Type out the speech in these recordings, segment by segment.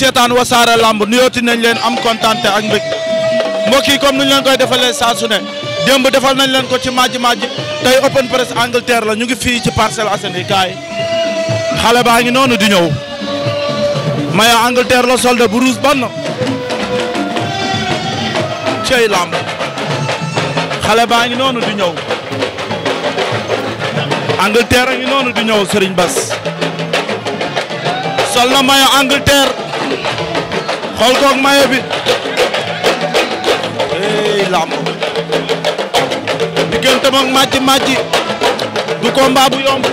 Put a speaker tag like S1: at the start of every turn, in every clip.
S1: seetaan wasaare lamb nuyooti nañ leen am kontaan ak mbég mbokk yi comme ni ñu leen koy defalee saa su ne démb defal nañ leen ko ci Madji Madji tey open press Angleterre la ñu ngi fii ci Parcelles Assainies kaay xale baa ngi noonu di ñëw maya Angleterre la solde bu rouge ban cey lamb xale baa ngi noonu di ñëw Angleterre a ngi noonu di ñëw Serigne Bass sol na maya Angleterre xool koog bi hey làmb diggante moog màcc màcc du combat bu yomb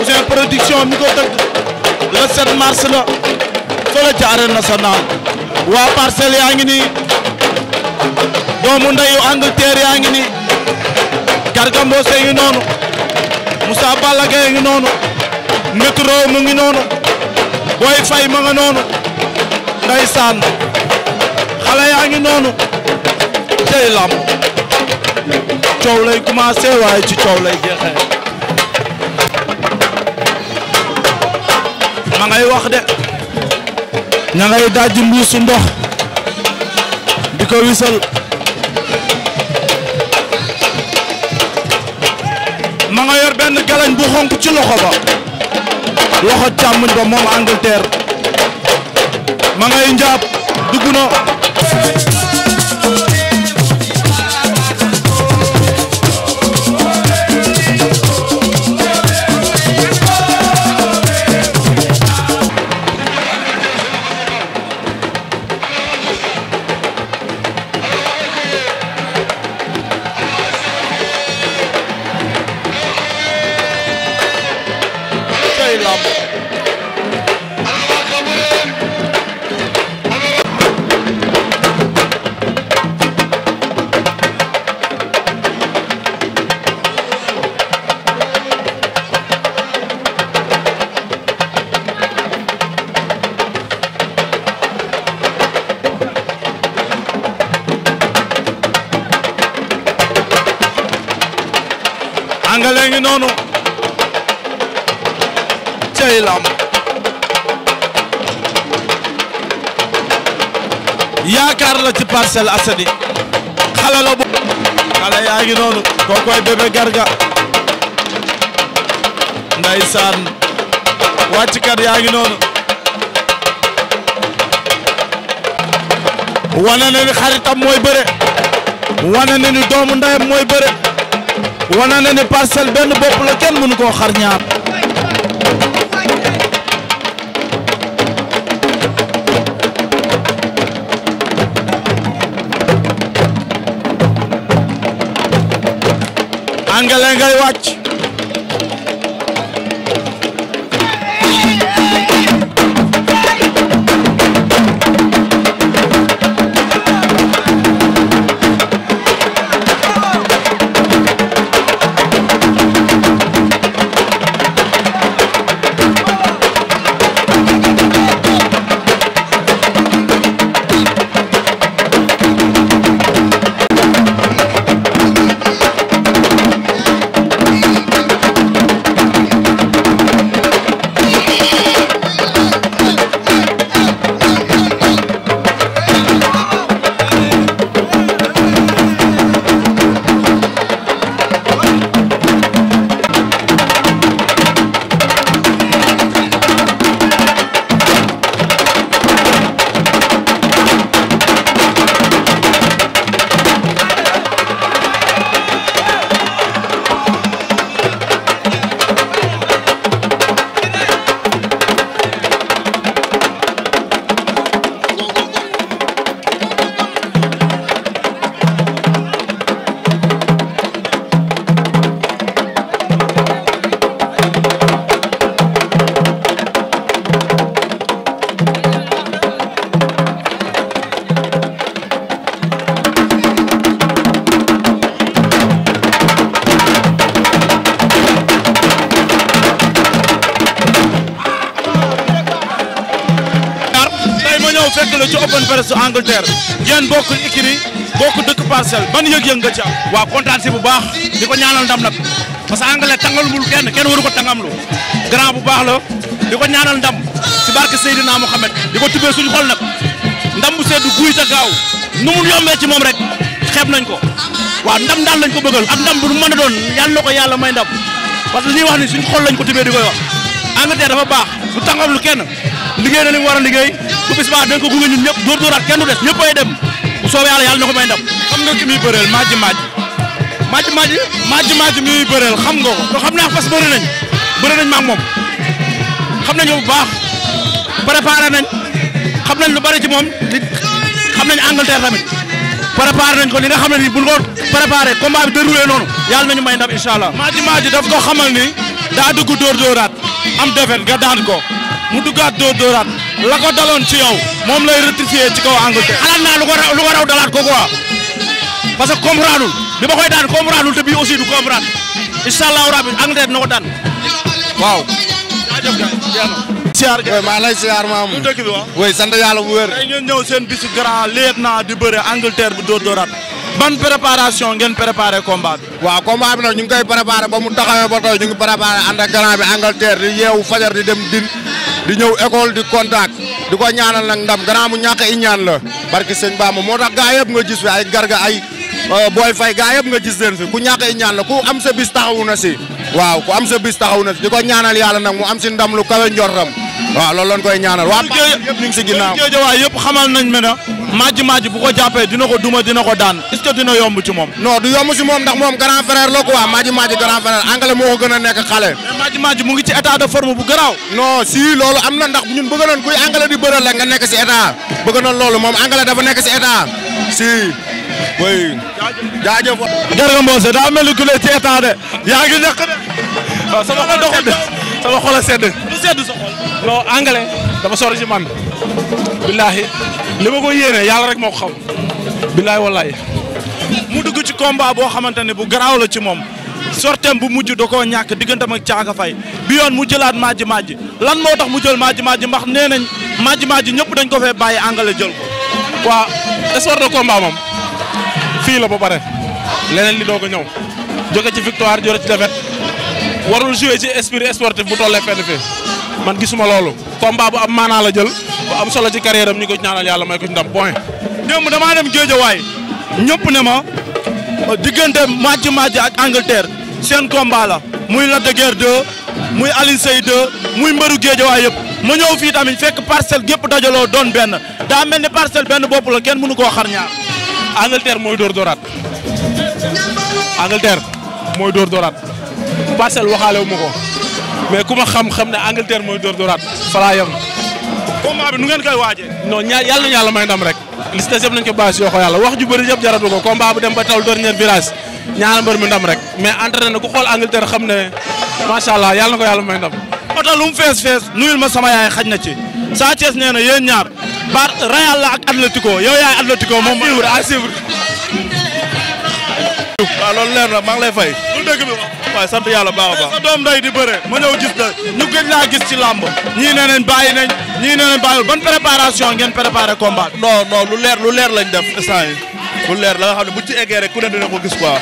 S1: Ouzin production mi ko tëgg le 7 mars la fële ca arène waa parcelle yaa ngi nii doomu ndeyu Angleterre yaa ngi nii Garga Mbossé ngi noonu Moussa Balla Gaye ngi noonu métro mu ngi noonu Boy Faye nga noonu ndeysaan xale yaa ngi noonu tey lam coow lay commencé waaye ci coow lay jeexee ma ngay wax de ña ngay dajji mbuusu di ko wisal ma nga yor benn galañ bu xonk ci loxo ba loxo càmmuñ ba moom Angleterre ma ngay njaab dugg na baa ngi noonu cey lamb yaakaar la ci Parcelles Assainies xale la yaa ngi noonu kookoy bébé garga ndeysaan wàcckat yaa ngi noonu wane na ni mooy bëre wane na doomu ndeyam mooy bëre wana na ne parcelle benn bopp la kenn mënu koo xar ñaar yéen bokk écurie bokk dëkk parcelle ban yëg-yëg nga ci am. waaw kontaan si bu baax di ko ñaanal ndam nag parce que Anglais tàngal mul kenn kenn waru ko tàngamlu grand bu la di ko ñaanal ndam si barke Seydina di ko tubbee suñu xol nag ndam bu seddu guy ta gaaw nu mu yombee ci moom rek xeeb nañ ko waaw ndam daal lañ ko bëggal ak ndam bu mën a doon yàlla na ko yàlla may ndam parce que li ñuy wax ni suñu xol ko tibbee di koy wax Angleterre dafa baax bu tàngamlu kenn liggéey na li bu bis ba dañ ko gunge ñun ñëpp dóor dóoraat kenn du des ñëpp ay dem bu soobee yàlla yàlla na ko may ndam xam nga ki muy bëreel maaji maaji maaji maaji maaji maaji mi xam nga ko xam naa parce que nañ bëri nañ maak xam nañ bu baax préparé nañ xam nañ lu bari ci moom di xam nañ Angleterre tamit préparé nañ ko li nga xam ne nii bu ñu ko préparé combat bi déroulé noonu yàlla nañu may ndam incha allah maaji maaji daf ko xamal ni daa dugg dóor dóoraat am defet nga daan ko mu duggaat dóor dóoraat la ko daloon ci yow moom la rectifier ci kaw Angleterre. xalaat naa lu ko raw lu ko raw parce que comprendre bi ma koy daan comprendre te bii aussi du comprendre incha allahu rabi Angleterre na ko daan waaw. jaajëf gars siyaar maa lay siyaar maam mu dëkk bi waaw oui sant yàlla bu wér tey ngeen ñëw seen bisu grand leet naa di bëre Angleterre bu dóor dóoraat ban préparation ngeen préparé combat bi. waaw combat bi ñu ngi koy préparé ba mu taxawee ba tey ñu ngi préparé ànd ak bi Angleterre di yeewu fajar dem di ñëw école di contact di ko ñaanal nag ndam gannaaw mu ñàkk i ñaan la barki sëñ Bamba moo tax gaa yëpp nga gis fi ay gar garga ay euh, booy fay gaa yëpp nga gis leen fi ku ñàkk i ñaan la ku am sa bis taxawu na si waaw ku am sa bis taxaw na di ko ñaanal yàlla nag mu am si ndam lu kawe njortam waaw loolu lañ koy ñaanal waa Pape yëpp ñu ngi si ginnaaw géejawaay xamal nañ me na majj majj bu ko jàppee dina ko duma dina ko daan est-ce que dina yomb ci moom non du yomb si moom ndax moom grand frère la quoi majj majj grand frère anglais moo ko gën a nekk xale majj majj mu ngi ci état de forme bu garaaw non si loolu am na ndax ñun bëgg nañ kuy anglais di bëral la nga nekk si état bëgg nañ loolu moom anglais dafa nekk si état si way jaajëf Garga Mbossé daa mel ni waaw sama xol doxul de sama xol a sedd. lu sedd sa xol. non dafa sori ci man. billaahi li ma ko yéene yàlla rek moo ko xam. billaahi wallaahi. mu dugg ci combat boo xamante ne bu garaaw la ci moom. sortem bu mujj da koo ñàkk digganteem ak Caaka Fay bi yoon mu jëlaat Madji Madji lan moo tax mu jël Madji Madji mbax nee nañ Madji Madji ñëpp dañ ko fee bàyyi angale jël ko. waa sport de combat moom fii la ba pare
S2: leneen li doog a ñëw jóge ci victoire jóge ci défaite. warul jouer ci esprit sportif bu tollee fenn fi man gisuma loolu combat bu am maanaa la jël bu am solo ci carrière am ñu ko
S1: ñaanal yàlla may ko ci ndam point. démb damaa dem géejawaay ñëpp ne ma diggante Madji Madji ak Angleterre seen combat la muy Lac de Guiers muy Alioune Seye muy mbëru géejawaay yëpp ma ñëw fii tamit fekk parcelle gépp dajaloo doon benn daa mel ne parcelle benn bopp la kenn mënu koo xar ñaar. Angleterre mooy dóor dóoraat Angleterre mooy dóor dóoraat. parcelle waxaale wu ma ko mais ku ma xam-xam ne Angleterre mooy dóor dóoraat fa laa yem. combat bi nu ngeen kay waajee. non ñaar yàlla yàlla may ndam rek. li si des yëpp nañu ko bàyyi si yoo yàlla wax ju bëri yëpp jaratu ko combat bu dem ba taw dernier virage ñaar mbër mi ndam rek mais entraîné na ku xool Angleterre xam ne macha allah yàlla na ko yàlla may ndam. oto lu mu fees fees nuyul ma sama yaay xaj na ci Sa Thiès nee na yéen ñaar ba Real ak Atlético yow yaay Atlético moom. à suivre à suivre. loolu leer na maa ngi lay fay. dëkk bi wax. waaw a baax di bëre ma ñëw gis la ñu gën laa gis ci làmb ñii nee nañ bàyyi ñii nee nañ ban préparation ngeen préparé combat non lu leer lu leer lañ def instant lu leer la nga xam ne bu ci ku ne dina ko gis quoi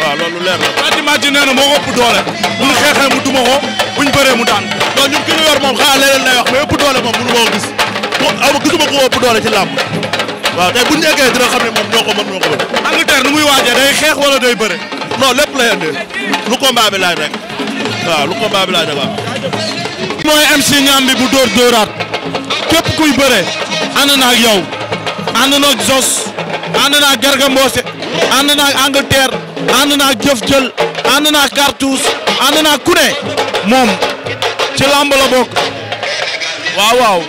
S1: waaw lu leer la pratiquement ji ëpp doole bu ñu xeexee mu duma ko bu ñu bëree mu daan non ñun ki yor moom xanaa leneen lay wax mais ëpp doole moom mënu moo gis ama gisuma ñu eggee dina moom ñoo ko mën ñoo ko mën Angleterre nu muy waajee day xeex wala day bëre non lépp lay bi laaj rek mooy MC Niambi bu dóor dóoraat képp kuy bëre ànd na yow ànd na ak Zos ànd na ak Garga Mbossé ànd na Jëf Jël ànd na ak Cartouche ànd na moom ci làmb la bokk waaw waaw.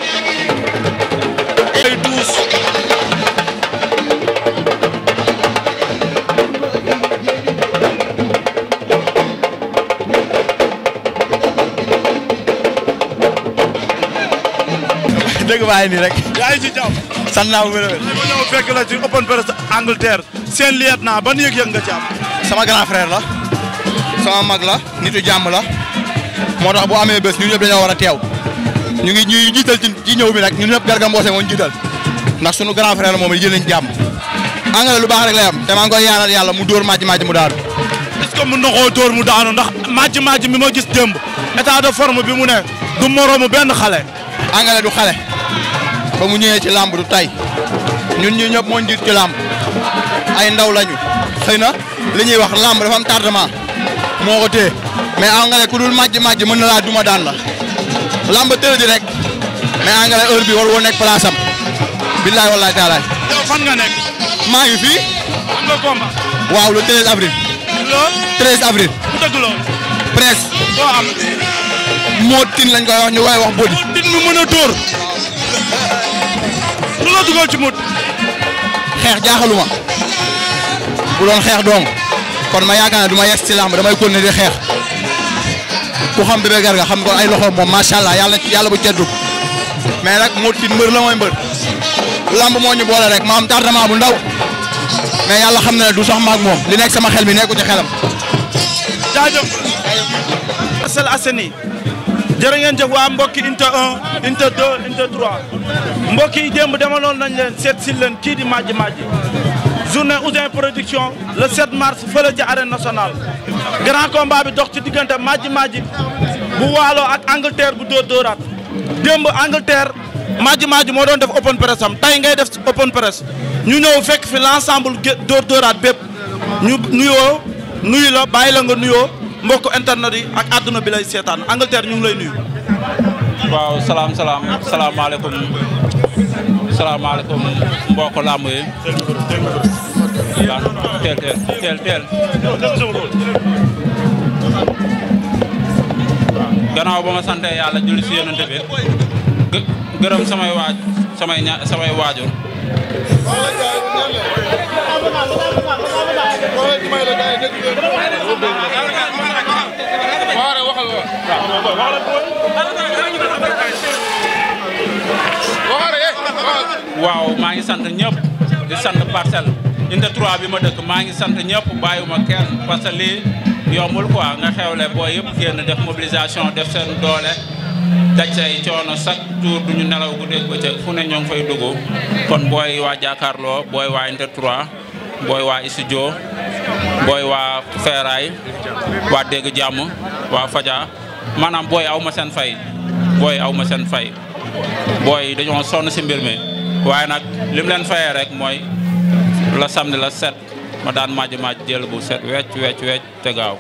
S1: dëgg baa ngi rek. yaa ngi ci jàmm. sant naa bu wér-wér. ma ñëw fekk la ci open press Angleterre. seen liet naa ban yëg-yëg nga ci sama grand frère la. sama mag la. nitu jàmm la. moo tax bu amee bés ñu ñëpp dañoo war a teew. ñu ngi ñu jiital ci ñëw bi nag ñun ñëpp Garga Mbossé moo ñu jiital. ndax sunu grand frère moom it jëlee jàmm. lu baax rek lay am. te maa ngi koy ñaanal yàlla mu dóor màcc màcc mu daanu. est-ce que mën na dóor mu daanu ndax màcc màcc mi ma gis démb état de forme bi mu ne du moroomu benn xale Angleterre du xale ba mu ñëwee ci làmb du tay ñu ñi ñëpp moo jiit ci làmb ay ndaw lañu xëy na li ñuy wax làmb dafa am moo ko téye mais Angale ku dul màjj màjj mën na laa duma daan la làmb tël di rek mais Angale heure bi war woo nekk billaay wallaay taalaay. maa ngi fi am nga combat. waaw le 13 avril. lool moo tin lañ koy wax ñu koy wax bodi. moo tin mu mën a dóor. lu la dugal ci mut xeex jaaxaluma bu doon xeex dong kon ma yaakaar ne du ma yegg si làmb damay continuer di xeex ku xam Bébé Garga xam ko ay loxoom moom macha allah yàlla yàlla bu jeddu mais nag moo ci mbër la mooy mbër làmb moo ñu boole rek ma am tardement bu ndaw mais yàlla xam na ne du sax maag moom li nekk sama xel mi nekku ci xelam. jaajëf. Asal Asani. jërë ngeen jëf waa mbokki inte 1 inte 2 inte 3 mbokk yi démb demaloon nañ leen seet si leen kii di Madji Madji journée Ouzin production le 7 mars fële ci arène nationale grand combat bi dox ci diggante Madji Madji bu waalo ak Angleterre bu dóor dóoraat démb Angleterre Madji Madji moo doon def open press am tey ngay def open press ñu ñëw fekk fi l' ensemble dóor dóoraat bépp ñu nuyoo nuyu la bàyyi la nga nuyoo mbokk internet ak àdduna bi lay seetaan Angleterre ñu ngi lay nuyu.
S2: waaw salaam salaam salaamaaleykum salaamaaleykum mbokk làmb yi. teel teel teel teel. gannaaw ba ma sant yàlla julli si yonent gërëm samay waajur. waaw maa ngi sant ñëpp di sant parcelle unité bi ma dëkk maa ngi sant ñëpp bàyyiwuma kenn parce que lii yombul quoi nga xewle booy yëpp génn def mobilisation def seen doole daj say coono chaque jour duñu nelaw guddeeg bëccëg fu ne ñoo ngi fay dugg kon booy waa Jakaarloo booy waa unité booy waa studio booy waa Feeraay waa Dégg Jàmm waa Faja maanaam booy aw ma fay booy aw ma seen fay booy dañoo sonn si mbir mi waaye nag li mu leen fayee rek mooy la samedi la set ma daan majj majj jël bu set wecc wecc wecc te gaaw.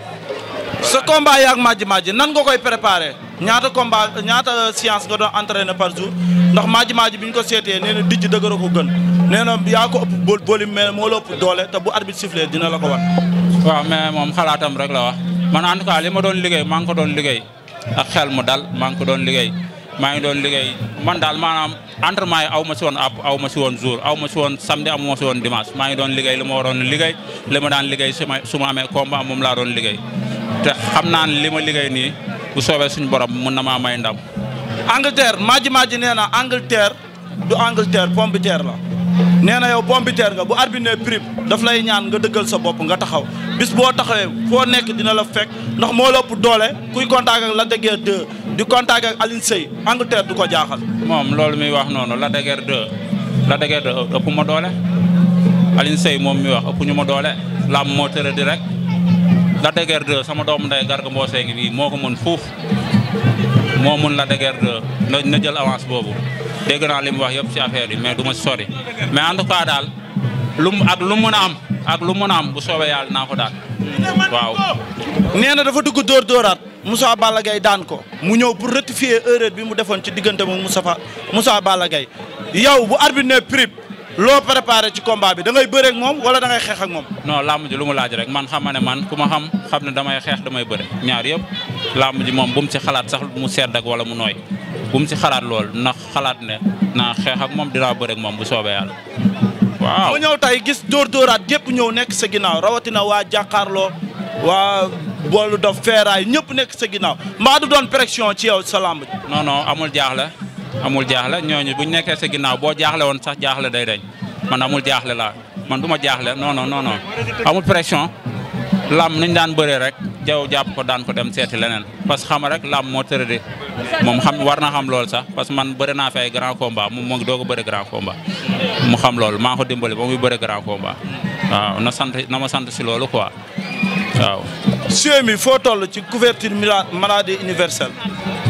S2: sa combat yaag majj majj nan nga koy préparé
S1: ñaata combat ñaata séance nga doon entraîné par jour ndax majj majj bi ñu ko seetee nee dijj dëgër
S2: ko gën nee na yaa ko ëpp bool booli mais moo la ëpp doole te bu arbitre sifflé dina la ko wan. waaw mais moom xalaatam rek la wax man en tout li ma doon liggéey maa ngi ko doon liggéey. ak xel mu dal maa ngi doon liggéey maa doon liggéey man daal maanaam entraînement yi aw ma si woon app aw ma si woon jour aw ma si woon samedi aw ma si woon dimanche maa doon liggéey li ma waroon liggéey li ma daan liggéey su ma su ma amee combat moom laa doon liggéey te xam naa li ma liggéey nii bu soobee suñu borom mun na maa may ndam.
S1: Angleterre maaji
S2: maaji nee na Angleterre
S1: du Angleterre pomme de terre la. nee na yow pompiteer nga bu arbitre prime daf lay ñaan nga dëggal sa bopp nga taxaw bis boo taxawee foo nekk dina la fekk ndax moo la ëpp doole kuy contact ak Lac de Guiers 2 di contact ak
S2: Alioune Seye du ko jaaxal. moom loolu muy wax noonu la de Guiers 2 Lac de ëpp ma doole Alioune Seye moom mi wax ëpp ñu ma doole lam moo tëra di rek Lac sama doomu ndey Garga Mbossé ngi bii moo ko mën fuuf moo mën Lac de Guiers na jël avance boobu. dégg naa li mu wax yëpp ci affaire yi mais du ma ci sori mais en tout daal lu mu ak lu mu mën a am ak lu mën a am bu soobee yàlla naa ko daan waaw. nee na dafa dugg dóor dóoraat
S1: Moussa Balla Gaye daan ko mu ñëw pour rectifier erreur bi mu defoon ci diggante mu Moustapha Moussa Balla yow bu arbitre ne prip loo préparé ci combat bi da ngay moom wala da ngay xeex ak moom.
S2: non làmb ji lu mu laaj rek man xam ne man ku ma xam xam ne damay xeex damay bëre ñaar yëpp làmb ji moom bu mu ci xalaat sax mu sedd ak wala mu nooy. bu mu si xalaat lool na xalaat ne naa xeex ak moom dinaa bëre ak moom bu soobee yàlla
S1: waaw. ma ñëw tey gis dóor dóoraat gépp ñëw nekk sa rawatina waa
S2: jàkkaarloo waa boolu dof feeraay ñëpp nekk sa ginnaaw mbaa du doon pression ci yow sa làmb non non amul jaaxle amul jaaxle ñooñu bu ñu nekkee sa ginnaaw boo jaaxle woon sax jaaxle day dañ man amul jaaxle laa man du ma jaaxle non non non non amul pression làmb nañ daan bëree rek. jaw jàpp ko daan ko dem seeti leneen parce que xam rek làmb moo tëradi moom xam war na xam loolu sax parce que man bëri naa fi ay grand combat moom moo ngi doog a bëri grand combat mu xam loolu maa ko dimbali ba muy bëri grand combat waaw na sant si loolu quoi waaw. monsieur mi foo toll ci couverture maladie universelle.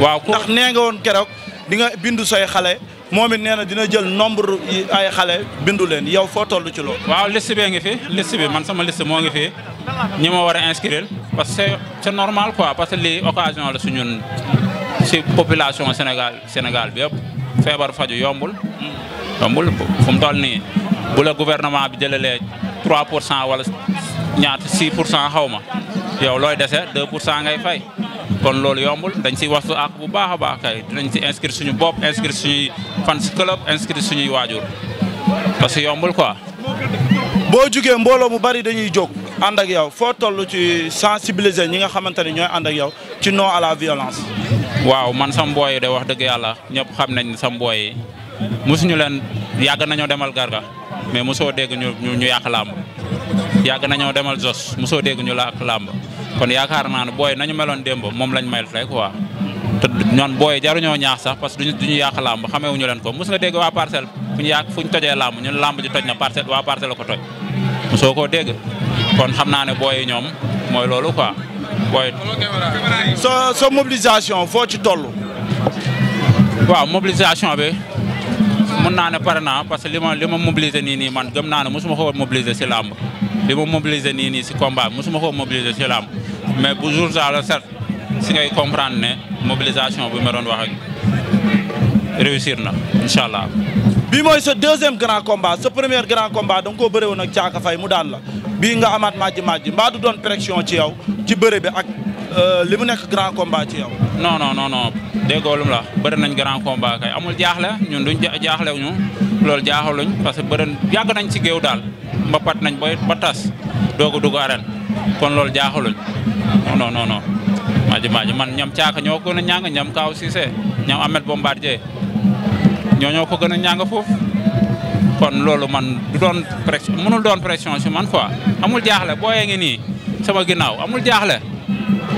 S1: waaw ndax nee woon keroog di bindu say xale. moom it nee na dina jël nombre ay xale bindu leen yow foo toll ci loolu.
S2: waaw liste bee ngi fi liste man sama liste moo ngi fi ñi ma war a inscrire parce que c'est normal quoi parce que lii occasion la suñu si population Sénégal Sénégal yëpp feebar faju yombul. yombul fu mu toll ni bula la gouvernement bi jëlalee 3 pour cent wala ñaata 6 pour cent xaw ma looy dese 2 pour cent ngay fay. kon loolu yombul dañu siy wastu àq bu baax a baax kay si inscrire suñu bopp inscrire suñuy fan club inscrire suñuy waajur parce que yombul quoi.
S1: boo jugee mbooloo mu bari dañuy jóg ànd ak yow foo toll ci sensibiliser ñi nga xamante ne ñooy ànd ak yow ci non àlla la violence.
S2: waaw man sam mbooy yi de wax dëgg yàlla ñëpp xam nañ sam mbooy mosuñu leen yàgg nañoo demal Garga mais mosoo dégg ñu ñu yàq làmb yàgg nañoo demal Jos mosoo dégg ñu làq làmb kon yaakaar naa ne booy nañu meloon démb moom lañ mayal tey quoi ñoon booy jaruñoo ñaax sax parce que duñu duñu yàq làmb xamewuñu leen ko mos nga dégg waa parcelle fu ñu yàq fu ñu tojee làmb ñun làmb ji toj na parcelle waa parcelle ko toj mosoo koo dégg kon xam naa ne booy ñoom mooy loolu quoi booy sa sa mobilisation ci toll waaw mobilisation bi mun naa ne pare naa parce que li ma li nii nii man gëm naa ne mosuma ko mobiliser si làmb li ma mobiliser nii nii si combat mosuma ko mobiliser si làmb mais bu jour ça la certes si ngay comprendre ne mobilisation bi ma doon wax ak réussir na incha allah. bii mooy sa deuxième
S1: grand combat sa premier grand combat da nga koo bëre woon ak mu daan la bii nga amaat majji majji mbaa du doon pression ci yow ci bëre ak euh, li mu nekk grand combat ci yow.
S2: non non non non déggoo lu mu la bëri nañ grand combat kay amul jaaxle ñun duñ jaaxle ñu loolu jaaxaluñ parce que bëri yàgg nañ ci géew daal mbapat nañ ba ba tas doog a dugg kon loolu jaaxaluñ non non non maaji maaji man ñam caaka ñoo ko gën a ñaanga ñam Kaaw Cissé ñam Ahmed Bombardier ñoo ñoo ko gën a ñaanga foofu kon loolu man du doon pression mënul doon pression si man quoi amul jaaxle booyee ngi nii sama ginnaaw amul jaaxle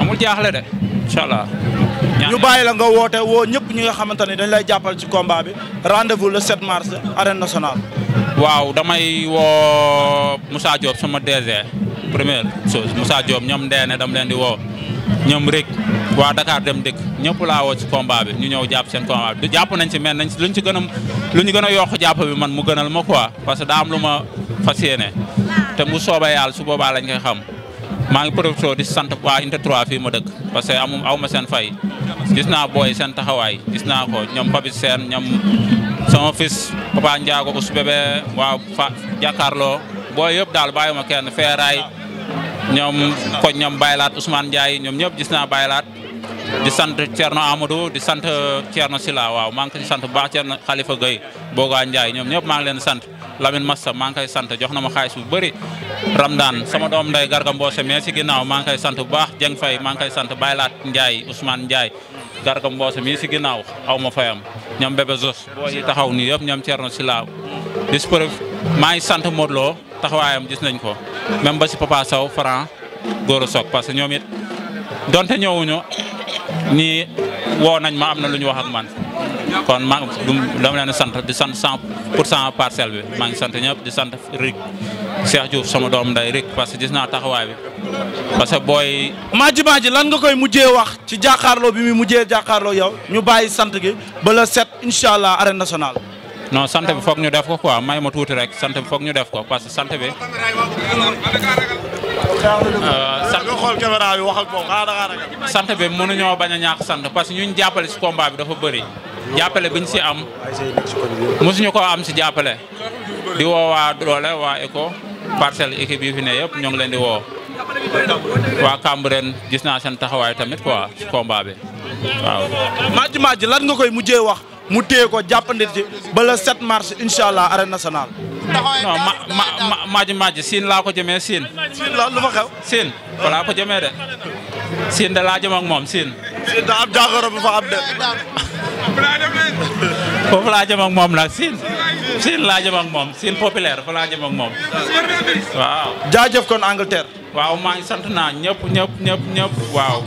S2: amul jaaxle de incha allah. ñu bàyyi la
S1: nga woote woo
S2: ñëpp ñi nga xamante
S1: ne dañ lay jàppal ci combat bi rendez-vous le 7 mars arène nationale.
S2: waaw damay woo Moussa Diop sama DG. première chose Moussa Diop ñoom Ndeene dama leen di woo ñoom rek waa Dakar dem dëkk ñëpp laa woo ci combat ñu ñëw jàpp seen combat bi jàpp nañ nañ luñ ci a lu ñu gën a yokk jàpp bi man mu gënal ma quoi parce que daa am lu ma fas yéene te mu soobee yàlla su boobaa lañ koy xam maa ngi profité di sant waa Inte 3 fii ma dëkk parce que amu aw ma seen fay gis naa booy seen taxawaay gis naa ko ñoom Papi Seen ñoom sama fils Papa Ndiago Ous Bébé waa fa jàkkaarloo boo yëpp daal bàyyiwuma kenn feeraay ñoom koñ ñoom baylaat usmaan Ndiaye ñoom ñëpp gis naa baylaat di sant Thierno Amadou di sant euh, Thierno Sila waaw maa ngi koy sant bu baax Thierno Khalifa Gueye Boga njaay ñoom ñëpp maa ngi leen sant Lamine Massa maa ngi koy sant jox na ma xaalis bu bëri daan sama doom nday Garga Mbossé mais si ginnaaw maa ngi koy sant bu baax Dieng Faye maa ngi koy sant baylaat Ndiaye Ousmane Ndiaye garga mboose mii si ginnaaw aw ma fayam ñoom bébé Zos boo yi taxaw nii yëpp ñoom Thierno Sylla dis preuve maa ngi sant Modou taxawaayam gis nañ ko même ba si Papa Sow Franc Goro parce que ñoom it donte ñëwuñu nii woo nañ ma am na lu ñu wax ak man kon maa ngi dama leen sant di sant 100 pour cent parcelle bi maa ngi sant ñëpp di sant Rick Cheikh Diouf sama doom nday Rick parce que gis naa taxawaay bi parce que booy.
S1: Madji Madji lan nga koy mujjee wax ci jàkkaarloo bi mu mujjee jàkkaarloo yow ñu bàyyi sant gi ba la set incha allah arène nationale.
S2: non sant bi foog ñu def ko quoi may ma tuuti rek sant bi foog ñu def ko parce que sant bi. Euh, sant bi xool caméra bi wax ak moom sant bi a ñàkk ñu jàppale si bi dafa bëri. jàppale bi ñu si am mosuñu ko am si jàppale di woo waa doole waa ECHO parcelle équipe yi fi ne yëpp ñoo ngi leen di woo waa Cambérène gis naa seen taxawaay tamit quoi si combat bi waaw.
S1: Madj lan nga koy mujjee wax mu téye ko jàppandi ci ba le 7 mars incha allah arène
S2: nationale. non ma ma ma Madj Madj siin laa ko jëmee siin. siin la lu ma xew. siin balaa ko jëmee de siin de laa jëm ak moom siin. siin da ab jàngoro fa am de. foofu laa jëm moom nag siin laa jëm moom siin populaire fa laa jëm moom waaw jaajëf kon Angleterre waaw maa ngi sant naa ñëpp ñëpp ñëpp ñëpp waaw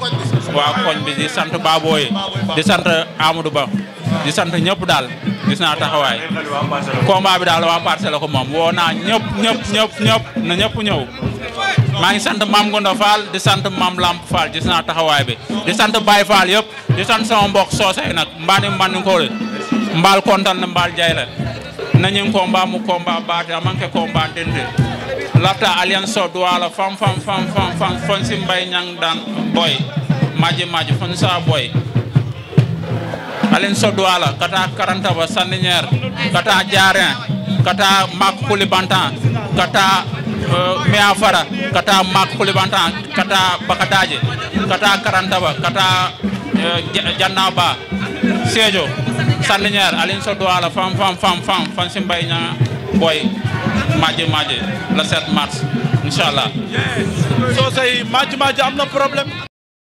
S2: waaw koñ bi di sant Baboye di sant Amadou Ba di sant ñëpp daal gis naa taxawaay combat bi daal waa parcelle la ko moom woo naa ñëpp ñëpp ñëpp ñëpp na ñëpp ñëw maa ngi sant maam Ngondo Fall di sant maam Lamp Fall gis bi di sant Baye Fall di sant sama soosey nag mbaani mbaani mbaal kontaan mbaal jay la nañu ko mba mu ko amanke ko mba dende lafta alliance so duwala fam fam fam fam fam fon boy maji maji fon boy alliance so duwala karanta ba sandinière kata jarin kata mak kuli bantan Euh, meya fara kata mak kulibanta kata bakataje kata karantaba kata euh, jannaba sejo sandiñar alin so do ala fam fan si mbay boy maje maje le 7 mars inshallah so
S1: say maje am na problème